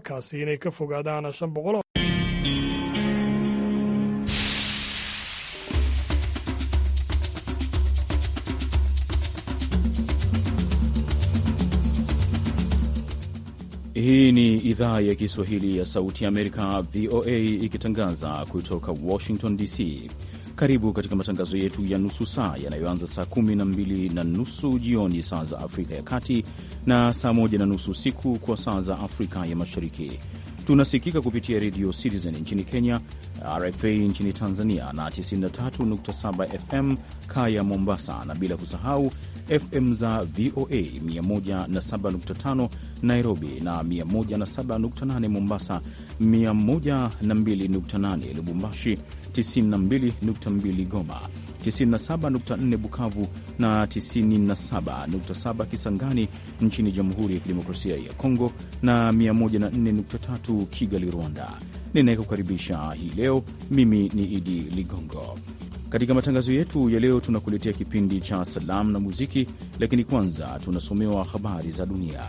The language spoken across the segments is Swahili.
kaasi inay ka fogaadaan shan boqol Hii ni idhaa ya Kiswahili ya Sauti ya Amerika, VOA, ikitangaza kutoka Washington DC. Karibu katika matangazo yetu ya nusu saa yanayoanza saa kumi na mbili na nusu jioni saa za Afrika ya Kati na saa moja na nusu usiku kwa saa za Afrika ya Mashariki. Tunasikika kupitia redio Citizen nchini Kenya, RFA nchini Tanzania na 93.7 FM Kaya Mombasa, na bila kusahau FM za VOA 107.5 Nairobi na 107.8, Mombasa 102.8, Lubumbashi 92.2, Goma 97.4, Bukavu na 97.7 Kisangani nchini Jamhuri ya Kidemokrasia ya Kongo na 104.3 Kigali, Rwanda. Ninayekukaribisha hii leo mimi ni Idi Ligongo. Katika matangazo yetu ya leo tunakuletea kipindi cha salamu na muziki, lakini kwanza tunasomewa habari za dunia.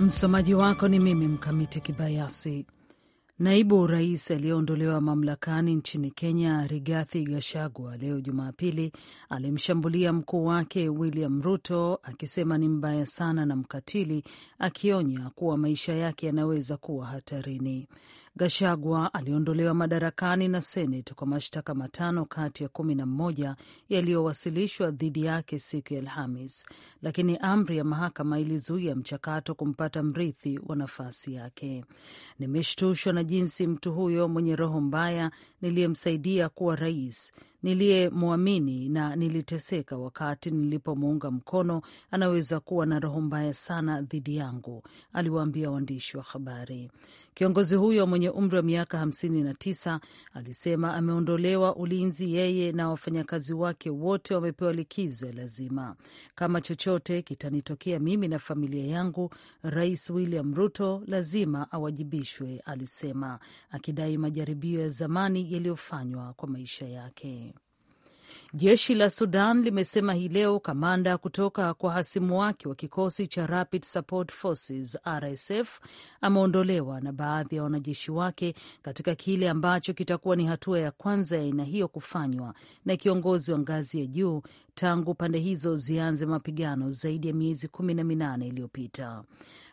Msomaji wako ni mimi Mkamiti Kibayasi. Naibu rais aliyeondolewa mamlakani nchini Kenya, Rigathi gashagwa leo Jumapili alimshambulia mkuu wake William Ruto akisema ni mbaya sana na mkatili, akionya kuwa maisha yake yanaweza kuwa hatarini. Gashagwa aliondolewa madarakani na senet kwa mashtaka matano kati ya kumi na mmoja yaliyowasilishwa dhidi yake siku ya Alhamis, lakini amri ya mahakama ilizuia mchakato kumpata mrithi wa nafasi yake. Nimeshtushwa na jinsi mtu huyo mwenye roho mbaya niliyemsaidia kuwa rais niliyemwamini na niliteseka wakati nilipomuunga mkono anaweza kuwa na roho mbaya sana dhidi yangu, aliwaambia waandishi wa habari. Kiongozi huyo mwenye umri wa miaka 59 alisema ameondolewa ulinzi, yeye na wafanyakazi wake wote wamepewa likizo ya lazima. Kama chochote kitanitokea mimi na familia yangu, Rais William Ruto lazima awajibishwe, alisema, akidai majaribio ya zamani yaliyofanywa kwa maisha yake. Jeshi la Sudan limesema hii leo kamanda kutoka kwa hasimu wake wa kikosi cha Rapid Support Forces RSF ameondolewa na baadhi ya wanajeshi wake katika kile ambacho kitakuwa ni hatua ya kwanza ya aina hiyo kufanywa na kiongozi wa ngazi ya juu tangu pande hizo zianze mapigano zaidi ya miezi kumi na minane iliyopita.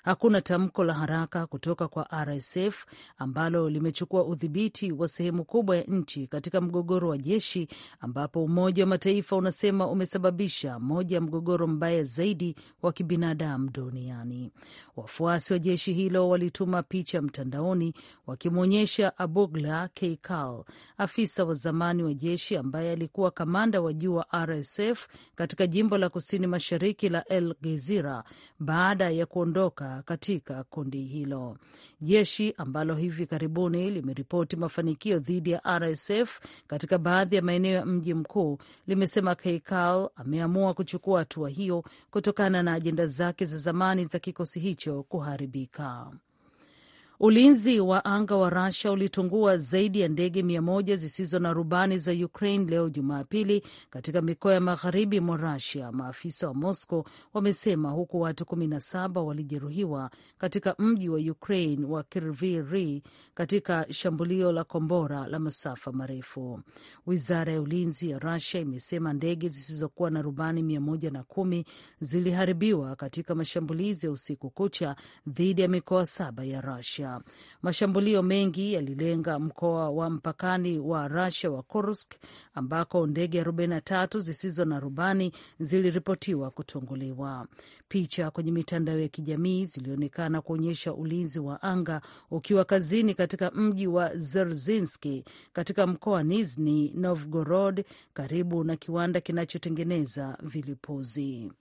Hakuna tamko la haraka kutoka kwa RSF ambalo limechukua udhibiti wa sehemu kubwa ya nchi katika mgogoro wa jeshi ambapo Umoja wa Mataifa unasema umesababisha moja ya mgogoro mbaya zaidi wa kibinadamu duniani. Wafuasi wa jeshi hilo walituma picha mtandaoni wakimwonyesha Abogla Keikal, afisa wa zamani wa jeshi ambaye alikuwa kamanda wa juu wa RSF katika jimbo la kusini mashariki la El Gezira baada ya kuondoka katika kundi hilo. Jeshi ambalo hivi karibuni limeripoti mafanikio dhidi ya RSF katika baadhi ya maeneo ya mji mkuu limesema Keikal ameamua kuchukua hatua hiyo kutokana na ajenda zake za zamani za kikosi hicho kuharibika. Ulinzi wa anga wa Russia ulitungua zaidi ya ndege mia moja zisizo na rubani za Ukraine leo Jumapili katika mikoa ya magharibi mwa rasia maafisa wa Moscow wamesema, huku watu 17 walijeruhiwa katika mji wa Ukraine wa Kryvyi Rih katika shambulio la kombora la masafa marefu. Wizara ya ulinzi ya rasia imesema ndege zisizokuwa na rubani 110 ziliharibiwa katika mashambulizi ya usiku kucha dhidi ya mikoa saba ya rasia Mashambulio mengi yalilenga mkoa wa mpakani wa Rusia wa Kursk, ambako ndege 43 zisizo na rubani ziliripotiwa kutunguliwa. Picha kwenye mitandao ya kijamii zilionekana kuonyesha ulinzi wa anga ukiwa kazini katika mji wa Zerzinski katika mkoa Nizhny Novgorod, karibu na kiwanda kinachotengeneza vilipuzi.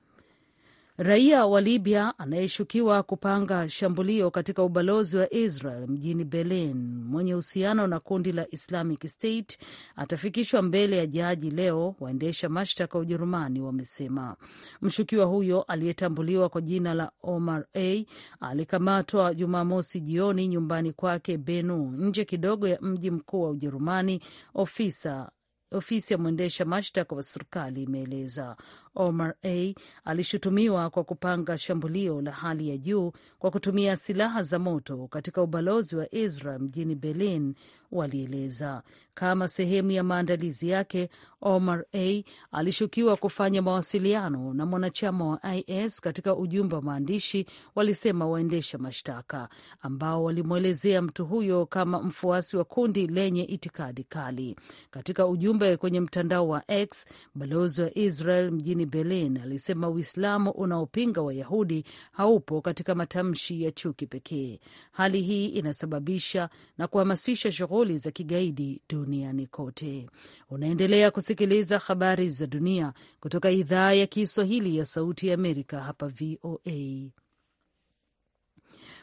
Raia wa Libya anayeshukiwa kupanga shambulio katika ubalozi wa Israel mjini Berlin mwenye uhusiano na kundi la Islamic State atafikishwa mbele ya jaji leo, waendesha mashtaka wa Ujerumani wamesema. Mshukiwa huyo aliyetambuliwa kwa jina la Omar A alikamatwa Jumamosi jioni nyumbani kwake Benu, nje kidogo ya mji mkuu wa Ujerumani, ofisa ofisi ya mwendesha mashtaka wa serikali imeeleza. Omar A alishutumiwa kwa kupanga shambulio la hali ya juu kwa kutumia silaha za moto katika ubalozi wa Israel mjini Berlin, walieleza. Kama sehemu ya maandalizi yake, Omar A alishukiwa kufanya mawasiliano na mwanachama wa IS katika ujumbe wa maandishi, walisema waendesha mashtaka, ambao walimwelezea mtu huyo kama mfuasi wa kundi lenye itikadi kali. Katika ujumbe kwenye mtandao wa X, balozi wa Israel mjini mjini Berlin alisema Uislamu unaopinga Wayahudi haupo katika matamshi ya chuki pekee. Hali hii inasababisha na kuhamasisha shughuli za kigaidi duniani kote. Unaendelea kusikiliza habari za dunia kutoka idhaa ya Kiswahili ya Sauti ya Amerika hapa VOA.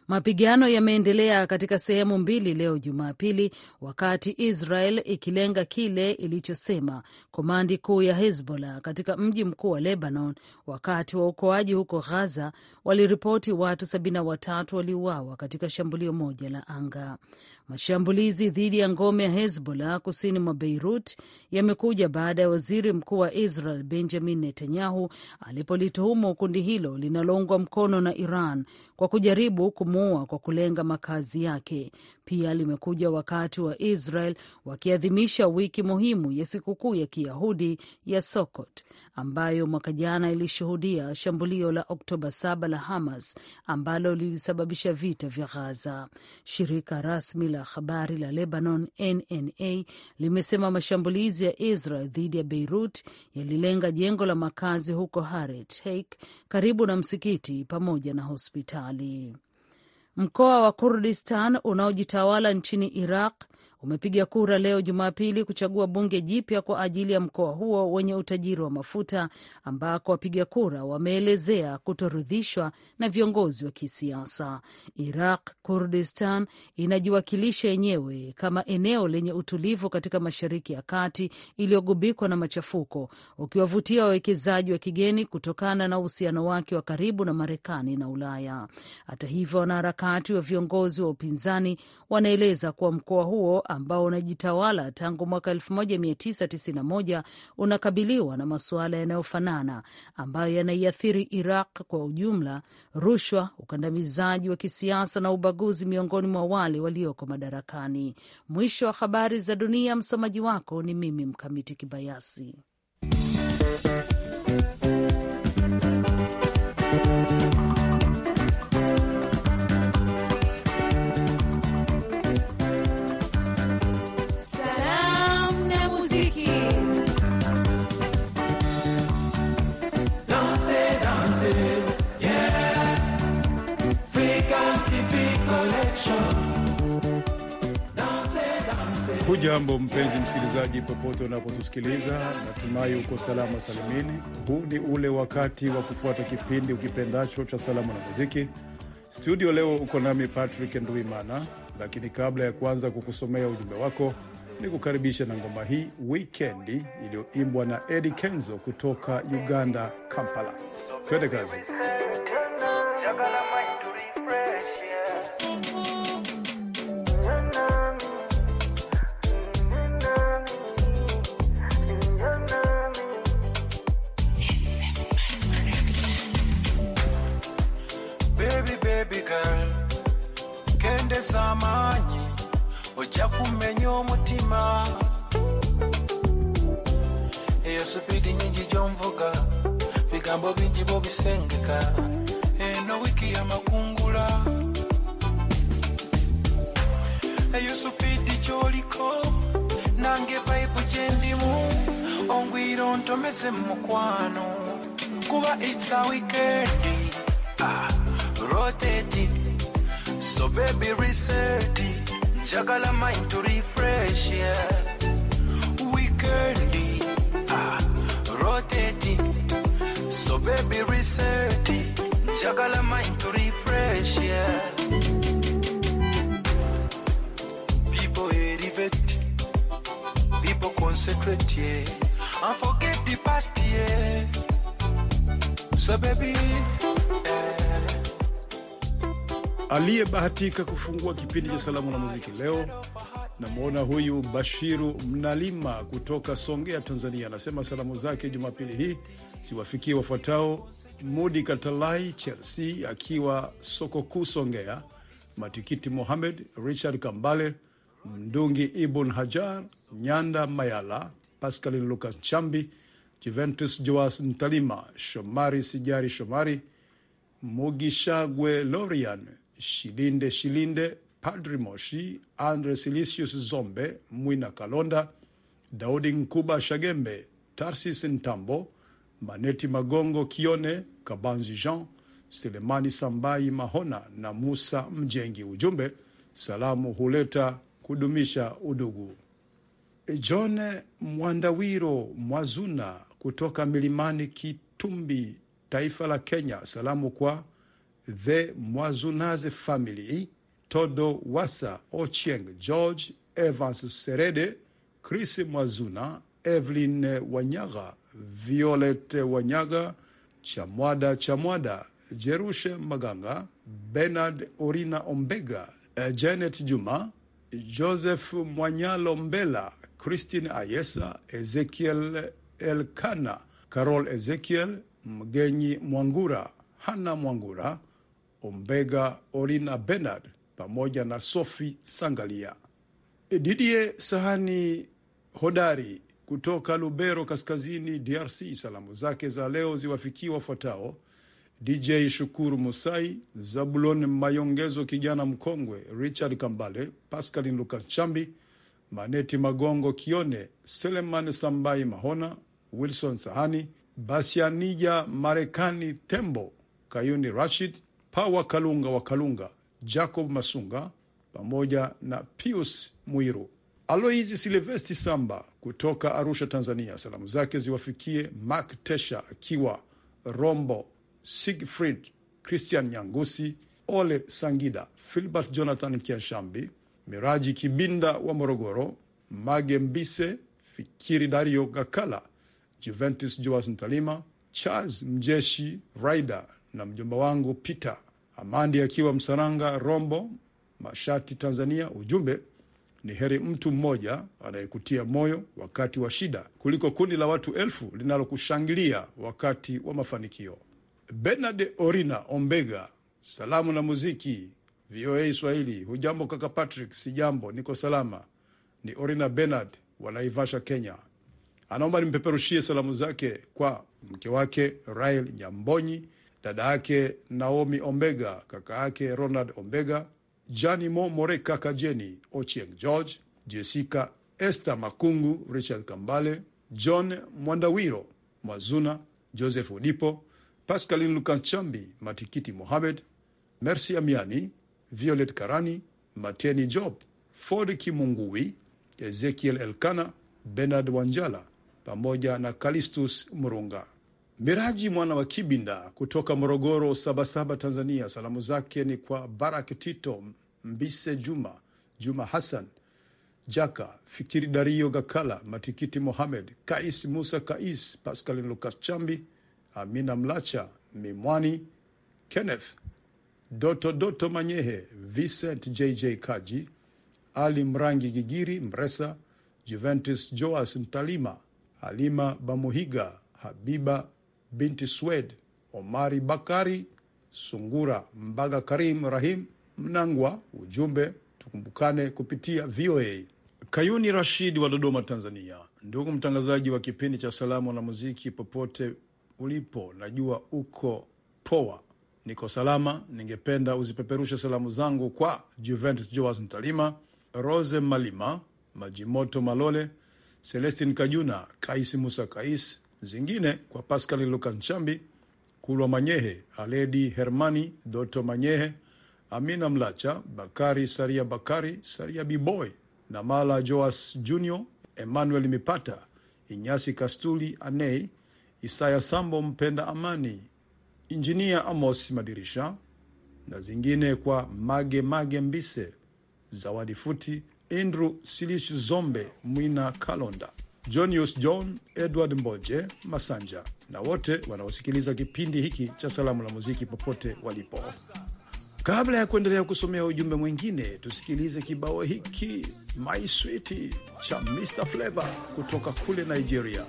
Mapigano yameendelea katika sehemu mbili leo Jumapili, wakati Israel ikilenga kile ilichosema komandi kuu ya Hezbollah katika mji mkuu wa Lebanon, wakati waokoaji huko ghaza waliripoti watu watatu waliuawa katika shambulio moja la anga. Mashambulizi dhidi ya ngome ya Hezbollah kusini mwa Beirut yamekuja baada ya waziri mkuu wa Israel Benjamin Netanyahu alipolituhumu kundi hilo linaloungwa mkono na Iran kwa kujaribu kumuua kwa kulenga makazi yake pia limekuja wakati wa Israel wakiadhimisha wiki muhimu ya sikukuu ya Kiyahudi ya Sokot ambayo mwaka jana ilishuhudia shambulio la Oktoba 7 la Hamas ambalo lilisababisha vita vya Ghaza. Shirika rasmi la habari la Lebanon NNA limesema mashambulizi ya Israel dhidi ya Beirut yalilenga jengo la makazi huko Haret Heik karibu na msikiti pamoja na hospitali. Mkoa wa Kurdistan unaojitawala nchini Iraq umepiga kura leo Jumapili kuchagua bunge jipya kwa ajili ya mkoa huo wenye utajiri wa mafuta, ambako wapiga kura wameelezea kutoridhishwa na viongozi wa kisiasa. Iraq Kurdistan inajiwakilisha yenyewe kama eneo lenye utulivu katika Mashariki ya Kati iliyogubikwa na machafuko, ukiwavutia wawekezaji wa kigeni kutokana na uhusiano wake wa karibu na Marekani na Ulaya. Hata hivyo, wanaharakati wa viongozi wa upinzani wanaeleza kuwa mkoa huo ambao unajitawala tangu mwaka 1991 unakabiliwa na masuala yanayofanana ambayo yanaiathiri Iraq kwa ujumla: rushwa, ukandamizaji wa kisiasa na ubaguzi miongoni mwa wale walioko madarakani. Mwisho wa habari za dunia. Msomaji wako ni mimi Mkamiti Kibayasi. Hujambo mpenzi msikilizaji, popote unapotusikiliza, natumai uko salama salimini. Huu ni ule wakati wa kufuata kipindi ukipendacho cha salamu na muziki. Studio leo uko nami Patrick Nduimana, lakini kabla ya kuanza kukusomea ujumbe wako, ni kukaribisha na ngoma hii wikendi iliyoimbwa na Eddie Kenzo kutoka Uganda, Kampala. Twende kazi. ebigambo bingi bobisengeka eno wiiki ya makungula eyusupidi gyoliko nange paipu gyendimu ongwiro ntomeze mu mukwano kuba its a weekend ah, roteti sobebi reset njagala mind to refresh yeah. So baby, eh. Aliyebahatika kufungua kipindi cha salamu na muziki leo namwona huyu Bashiru Mnalima kutoka Songea, Tanzania. Anasema salamu zake Jumapili hii ziwafikie wafuatao: Mudi Katalai Chelsea akiwa soko kuu Songea, Matikiti Mohamed, Richard Kambale, Mdungi Ibn Hajar, Nyanda Mayala, Pascalin Lucas Chambi Juventus Joas Ntalima, Shomari Sijari, Shomari Mugishagwe, Lorian Shilinde, Shilinde Padri Moshi, Andre Silisius Zombe, Mwina Kalonda, Daudi Nkuba Shagembe, Tarsis Ntambo, Maneti Magongo Kione, Kabanzi Jean, Selemani Sambai Mahona na Musa Mjengi. Ujumbe, salamu huleta kudumisha udugu. John Mwandawiro Mwazuna kutoka milimani Kitumbi, taifa la Kenya. Salamu kwa The Mwazunaze Family, Todo Wasa Ochieng, George Evans Serede, Chris Mwazuna, Evelyn Wanyaga, Violet Wanyaga, Chamwada Chamwada, Jerushe Maganga, Bernard Orina Ombega, Janet Juma, Joseph Mwanyalo Mbela, Christine Ayesa, Ezekiel Elkana Carol, Ezekiel Mgenyi, Mwangura, Hana Mwangura, Ombega Orina, Bernard pamoja na Sofi Sangalia. Didie Sahani hodari kutoka Lubero kaskazini DRC, salamu zake za leo ziwafikie wafuatao: DJ Shukuru Musai, Zabulon Mayongezo, kijana mkongwe Richard Kambale, Pascalin Lukas Chambi, Maneti Magongo Kione, Seleman Sambai Mahona, Wilson Sahani, Basianija Marekani Tembo, Kayuni Rashid, Pawa Kalunga wa Kalunga, Jacob Masunga pamoja na Pius Mwiru. Aloisi Silvesti Samba kutoka Arusha, Tanzania, salamu zake ziwafikie Mark Tesha akiwa Rombo, Sigfrid Christian Nyangusi, Ole Sangida, Filbert Jonathan kianshambi Miraji Kibinda wa Morogoro, Mage Mbise, Fikiri Dario Gakala Juventus Joas Ntalima, Charles Mjeshi Raida na mjomba wangu Peter Amandi akiwa Msaranga Rombo Mashati, Tanzania. Ujumbe ni heri mtu mmoja anayekutia moyo wakati wa shida kuliko kundi la watu elfu linalokushangilia wakati wa mafanikio. Bernard Orina Ombega, salamu na muziki VOA Swahili. Hujambo kaka Patrick? jambo niko salama. Ni Orina Bernard wa Naivasha, Kenya. Anaomba nimpeperushie salamu zake kwa mke wake Rael Nyambonyi, dada yake Naomi Ombega, kaka yake Ronald Ombega, Janimo Moreka, Kajeni Ochieng, George Jessica, Esther Makungu, Richard Kambale, John Mwandawiro, Mwazuna Joseph Odipo, Pascaline Lukanchambi, Matikiti Mohamed, Mercy Amiani, Violet Karani, Mateni Job, Ford Kimungui, Ezekiel Elkana, Bernard Wanjala, pamoja na Kalistus Murunga. Miraji mwana wa Kibinda kutoka Morogoro, Sabasaba, Tanzania, salamu zake ni kwa Barak Tito Mbise, Juma Juma Hassan Jaka, Fikiri Dario Gakala, Matikiti Mohamed, Kais Musa Kais, Pascalin Lukas Chambi, Amina Mlacha, Mimwani, Kenneth Doto Doto Manyehe, Vincent JJ Kaji, Ali Mrangi Gigiri Mresa, Juventus Joas Ntalima, Halima Bamuhiga, Habiba binti Swed, Omari Bakari, Sungura Mbaga, Karim Rahim Mnangwa. Ujumbe, tukumbukane kupitia VOA. Kayuni Rashid wa Dodoma, Tanzania. Ndugu mtangazaji wa kipindi cha salamu na muziki, popote ulipo, najua uko poa, niko salama. Ningependa uzipeperushe salamu zangu kwa Juventus Joas Ntalima, Rose Malima, Majimoto Malole Celestin Kajuna, Kais Musa Kais, zingine kwa Pascal Lukanchambi, Kulwa Manyehe, Aledi Hermani, Doto Manyehe, Amina Mlacha, Bakari Saria, Bakari Saria Biboy namala Joas Junior, Emmanuel Mipata, Inyasi Kastuli, Anei Isaya Sambo, Mpenda Amani, Injinia Amos Madirisha na zingine kwa Mage Mage Mbise, Zawadi Futi Andrew Silish Zombe, Mwina Kalonda, Jonius John, Edward Mboje Masanja na wote wanaosikiliza kipindi hiki cha Salamu la Muziki popote walipo. Kabla ya kuendelea kusomea ujumbe mwingine, tusikilize kibao hiki My Sweetie cha Mr Flavor kutoka kule Nigeria.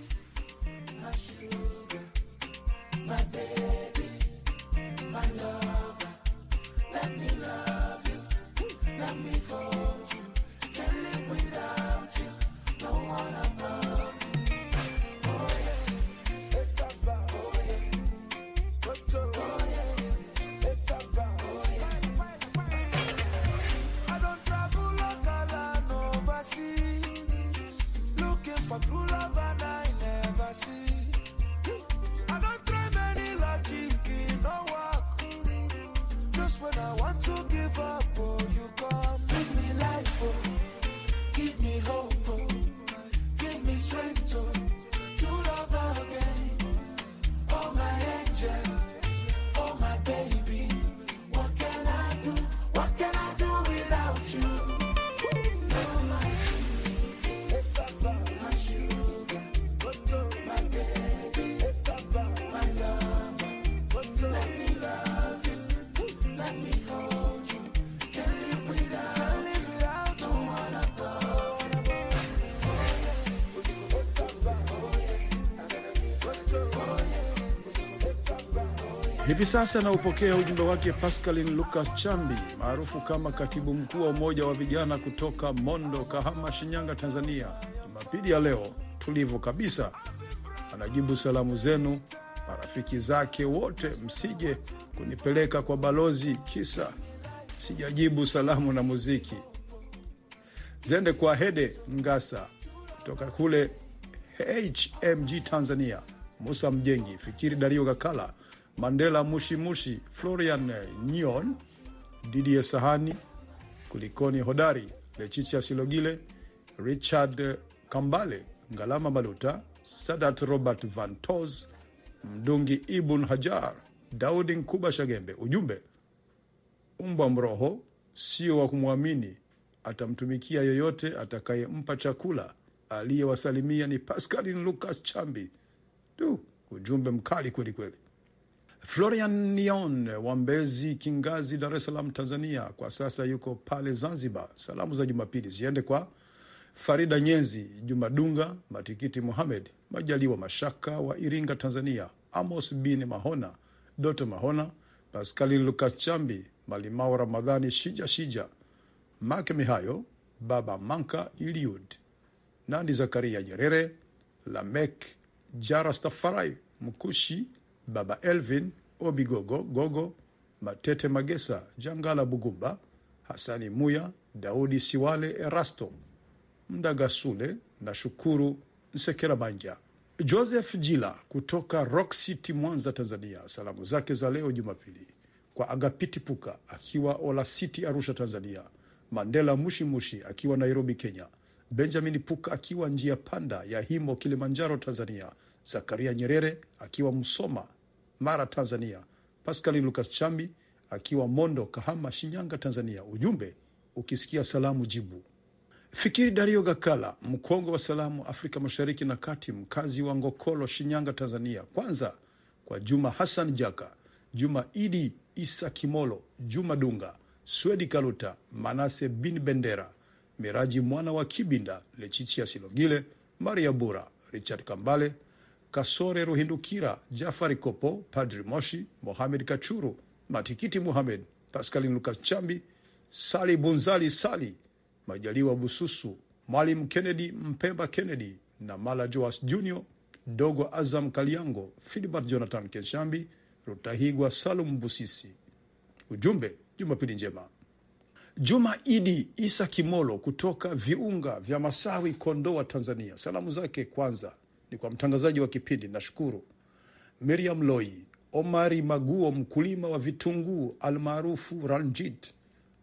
Hivi sasa naupokea ujumbe wake Pascalin Lucas Chambi, maarufu kama katibu mkuu wa Umoja wa Vijana kutoka Mondo, Kahama, Shinyanga, Tanzania. Jumapili ya leo tulivu kabisa, anajibu salamu zenu marafiki zake wote, msije kunipeleka kwa balozi kisa sijajibu salamu na muziki. Zende kwa Hede Ngasa kutoka kule HMG Tanzania, Musa Mjengi, Fikiri Dario Gakala Mandela Mushimushi, Florian Nyon, Didie Sahani, Kulikoni Hodari, Lechicha Silogile, Richard Kambale, Ngalama Maluta, Sadat Robert Van Tos, Mdungi Ibun Hajar, Daudi Nkuba Shagembe. Ujumbe, umbwa mroho sio wa kumwamini, atamtumikia yoyote atakayempa chakula. Aliyewasalimia ni pascalin Lucas Chambi tu. Ujumbe mkali kweli kweli. Florian Nion wa Mbezi Kingazi, Dar es Salaam, Tanzania, kwa sasa yuko pale Zanzibar. Salamu za Jumapili ziende kwa Farida Nyenzi, jumadunga Matikiti Mohamed Majaliwa Mashaka wa Iringa, Tanzania, Amos bin Mahona, Doto Mahona, Paskali Lukachambi, Malimao Ramadhani, Shija Shija, Make Mihayo, Baba Manka, Iliud Nandi, Zakaria Nyerere, Lamek jarastafarai Mkushi Baba Elvin Obigogo Gogo, Matete Magesa, Jangala Bugumba, Hasani Muya, Daudi Siwale, Erasto Mdagasule na Shukuru Banja. Joseph Jila kutoka Rock City, Mwanza, Tanzania, salamu zake za leo Jumapili kwa Agapiti Puka akiwa Ola City, Arusha, Tanzania, Mandela Mushimushi akiwa Nairobi, Kenya, Benjamin Puka akiwa njia panda ya Himo, Kilimanjaro, Tanzania, Zakaria Nyerere akiwa Msoma mara, Tanzania. Pascalin Lucas Chambi akiwa Mondo, Kahama, Shinyanga, Tanzania. Ujumbe, ukisikia salamu jibu. Fikiri Dario Gakala, mkongwe wa salamu Afrika Mashariki na Kati, mkazi wa Ngokolo, Shinyanga, Tanzania. Kwanza kwa Juma Hassan Jaka, Juma Idi Isa Kimolo, Juma Dunga, Swedi Kaluta, Manase Bin Bendera, Miraji mwana wa Kibinda, Lechichia Silogile, Maria Bura, Richard Kambale Kasore Ruhindukira, Jafari Kopo, Padri Moshi, Mohamed Kachuru, Matikiti Muhamed, Paskalin Lukachambi, Sali Bunzali, Sali Majaliwa, Bususu, Mwalimu Kennedy Mpemba Kennedy na Mala Joas Junior, Dogo Azam Kaliango, Filibert Jonathan Kenshambi, Rutahigwa Salum Busisi. Ujumbe, Jumapili njema. Juma Idi Isa Kimolo kutoka viunga vya Masawi, Kondoa, Tanzania. Salamu zake kwanza ni kwa mtangazaji wa kipindi, nashukuru. Miriam Loi, Omari Maguo, mkulima wa vitunguu almaarufu Ranjit,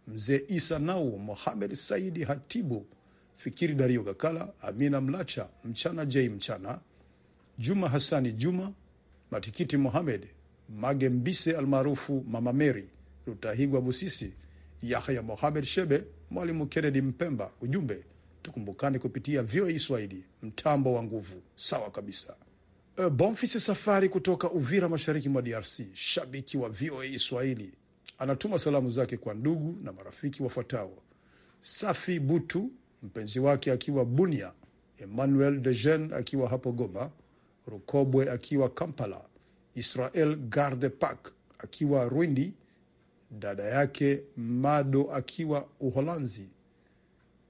mzee Isa Nau, Mohamed Saidi Hatibu, Fikiri Dario Gakala, Amina Mlacha, Mchana J Mchana, Juma Hassani Juma, Matikiti Mohamed, Mage Mbise almaarufu Mama Meri, Rutahigwa Busisi, Yahya Mohamed Shebe, Mwalimu Kennedy Mpemba. Ujumbe tukumbukane kupitia VOA e Swahili, mtambo wa nguvu. Sawa kabisa. Uh, Safari kutoka Uvira, mashariki mwa DRC, shabiki wa VOA e Swahili, anatuma salamu zake kwa ndugu na marafiki wafuatao: Safi Butu, mpenzi wake akiwa Bunia, Emmanuel de Jeune akiwa hapo Goma, Rukobwe akiwa Kampala, Israel Garde Park akiwa Rwindi, dada yake Mado akiwa Uholanzi,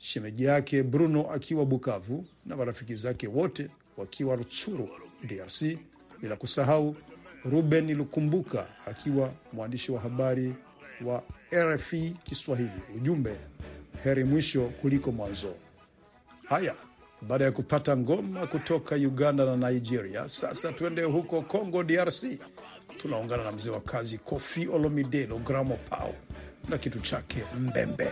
shemeji yake Bruno akiwa Bukavu na marafiki zake wote wakiwa Rutshuru, DRC, bila kusahau Ruben Lukumbuka akiwa mwandishi wa habari wa RFI Kiswahili. Ujumbe, heri mwisho kuliko mwanzo. Haya, baada ya kupata ngoma kutoka Uganda na Nigeria, sasa tuende huko Congo DRC. Tunaungana na mzee wa kazi Kofi Olomide Logramo Pau na kitu chake Mbembe.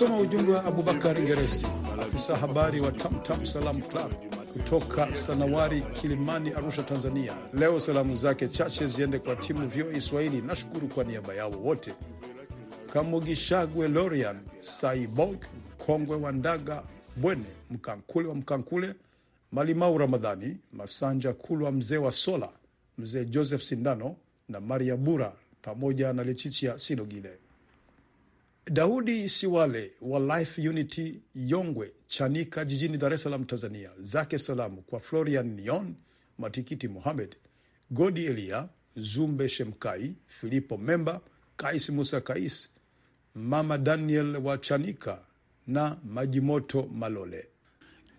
Unasoma ujumbe wa Abubakar Ngeresi, afisa habari wa Tamtam Salam Club kutoka Sanawari, Kilimani, Arusha, Tanzania. Leo salamu zake chache ziende kwa timu VOA Swahili. Nashukuru kwa niaba yao wote: Kamugishagwe Lorian Saibog, Kongwe wa Ndaga, Bwene Mkankule wa Mkankule, Malimau Ramadhani, Masanja Kulwa, mzee wa Sola, mzee Joseph Sindano na Maria Bura pamoja na Lechichia Sinogile. Daudi Siwale wa Life Unity Yongwe Chanika jijini Dar es Salaam Tanzania, zake salamu kwa Florian nion Matikiti Mohamed, Godi Elia, Zumbe Shemkai, Filipo Memba, Kais Musa Kais, Mama Daniel wa Chanika na Majimoto Malole.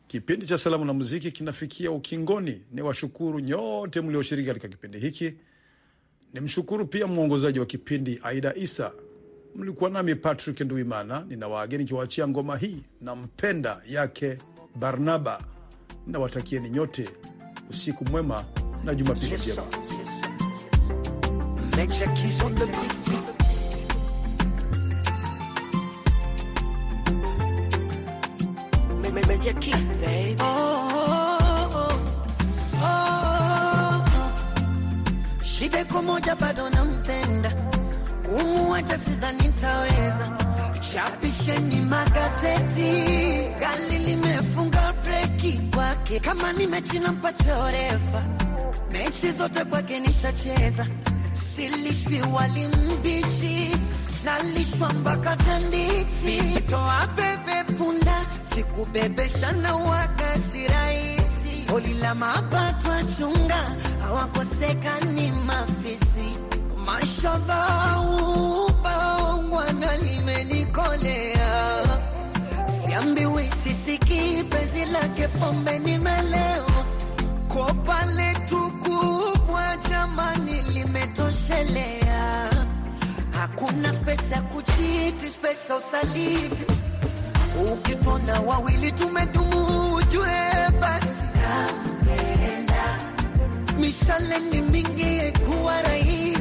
Kipindi cha salamu na muziki kinafikia ukingoni. Ni washukuru nyote mlioshiriki katika kipindi hiki. Nimshukuru pia mwongozaji wa kipindi Aida Isa Mlikuwa nami Patrick Nduimana, nina nikiwaachia ngoma hii na mpenda yake Barnaba. Nawatakieni nyote usiku mwema na Jumapili njema. bado nampenda umuacha sidhani nitaweza. Chapisheni magazeti, gali limefunga breki kwake. Kama ni mechi nampa chorefa, mechi zote kwake nishacheza. Silishwi wali mbichi, nalishwa mpaka tandiki. Toa bebe punda, sikubebesha na wakasi rahisi. Holi la mapato chunga, hawakosekani mafisi mashadhaubangwana limenikolea siambiwi sisiki penzi lake pombe nimelewa kopa jamani limetoshelea hakuna spesa ya kuchiti spesa ukipona wawili tumedumu ujue basi mishale ni mingi kuwa rahisi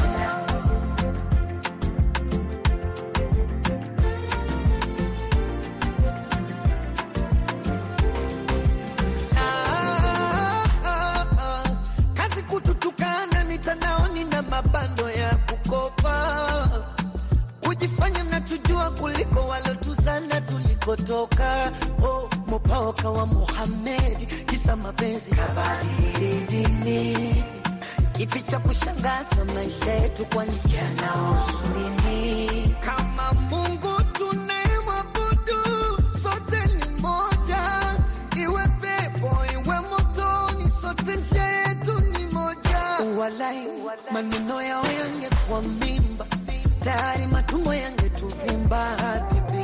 wanatujua kuliko walotuzana tulikotoka. Oh, mupaoka wa Muhammad, kisa mapenzi kabadili dini. Kipi cha kushangaza maisha yetu, kwani yanahusu nini? Kama Mungu tunayemwabudu sote ni moja, iwe pepo iwe motoni, sote njia yetu ni moja. Uwalai maneno yao yangekuwa mimba tayari matumbo yange kutuvimba habibi,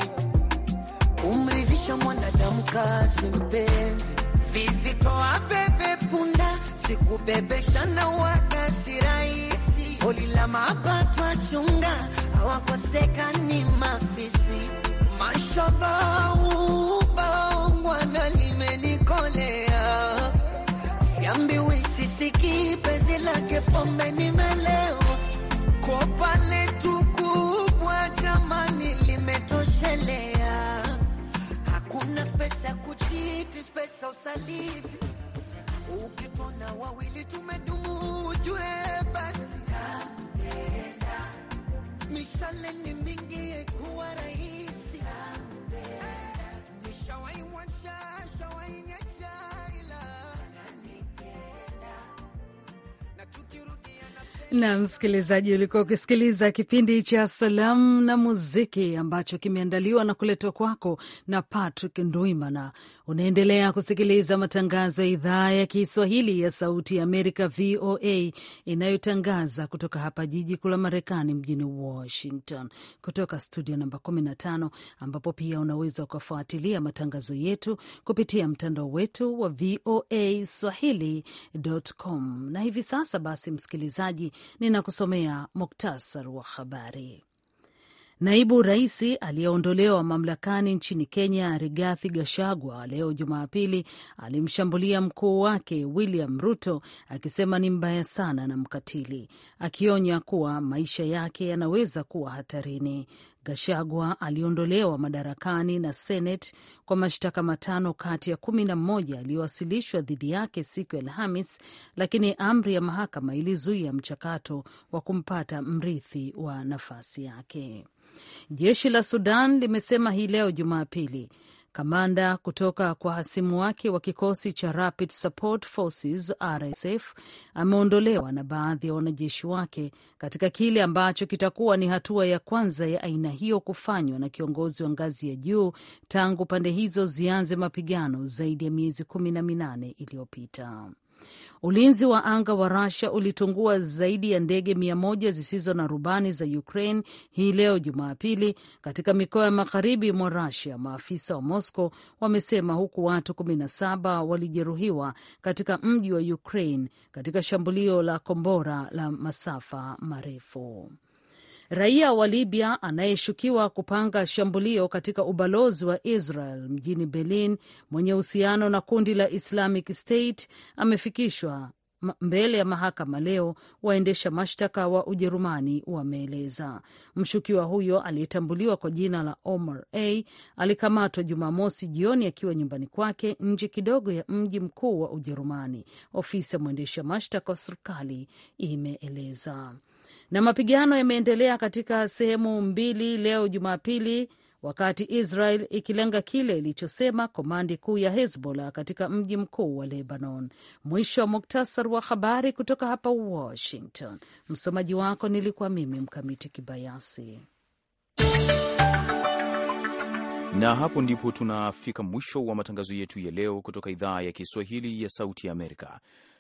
kumridhisha mwanadamu kazi mpenzi, vizitoa pepe punda, sikubebesha na waga si rahisi, holi la mapatwa chunga hawakoseka ni mafisi, mashodha ubangwana limenikolea, siambiwi sisiki penzi lake pombe nimelewa kopale tu hapa jamani, limetoshelea. Hakuna spesa kuchiti, spesa usaliti. Ukipona wawili tumedumu, ujue basi mishale ni mingi kuwa rahisi, nishawaiwacha na msikilizaji, ulikuwa ukisikiliza kipindi cha Salamu na Muziki ambacho kimeandaliwa na kuletwa kwako na Patrick Ndwimana. Unaendelea kusikiliza matangazo ya idhaa ya Kiswahili ya Sauti ya Amerika, VOA, inayotangaza kutoka hapa jiji kuu la Marekani, mjini Washington, kutoka studio namba 15, ambapo pia unaweza ukafuatilia matangazo yetu kupitia mtandao wetu wa VOA swahili.com. Na hivi sasa basi, msikilizaji ninakusomea muktasar wa habari. Naibu rais aliyeondolewa mamlakani nchini Kenya, Rigathi gashagwa leo Jumapili alimshambulia mkuu wake William Ruto akisema ni mbaya sana na mkatili, akionya kuwa maisha yake yanaweza kuwa hatarini. Gashagwa aliondolewa madarakani na senet kwa mashtaka matano kati ya kumi na mmoja yaliyowasilishwa dhidi yake siku ya Alhamis, lakini amri ya mahakama ilizuia mchakato wa kumpata mrithi wa nafasi yake. Jeshi la Sudan limesema hii leo Jumapili Kamanda kutoka kwa hasimu wake wa kikosi cha Rapid Support Forces RSF ameondolewa na baadhi ya wanajeshi wake katika kile ambacho kitakuwa ni hatua ya kwanza ya aina hiyo kufanywa na kiongozi wa ngazi ya juu tangu pande hizo zianze mapigano zaidi ya miezi kumi na minane iliyopita. Ulinzi wa anga wa Russia ulitungua zaidi ya ndege mia moja zisizo na rubani za Ukraine hii leo Jumapili katika mikoa ya magharibi mwa rasia maafisa wa Moscow wamesema, huku watu 17 walijeruhiwa katika mji wa Ukraine katika shambulio la kombora la masafa marefu. Raia wa Libya anayeshukiwa kupanga shambulio katika ubalozi wa Israel mjini Berlin mwenye uhusiano na kundi la Islamic State amefikishwa mbele ya mahakama leo, waendesha mashtaka wa Ujerumani wameeleza. Mshukiwa huyo aliyetambuliwa kwa jina la Omar A alikamatwa Jumamosi jioni akiwa nyumbani kwake nje kidogo ya mji mkuu wa Ujerumani, ofisi ya mwendesha mashtaka wa serikali imeeleza. Na mapigano yameendelea katika sehemu mbili leo Jumapili, wakati Israel ikilenga kile ilichosema komandi kuu ya Hezbollah katika mji mkuu wa Lebanon. Mwisho wa muktasar wa habari kutoka hapa Washington. Msomaji wako nilikuwa mimi Mkamiti Kibayasi. Na hapo ndipo tunafika mwisho wa matangazo yetu ya leo kutoka idhaa ya Kiswahili ya Sauti ya Amerika.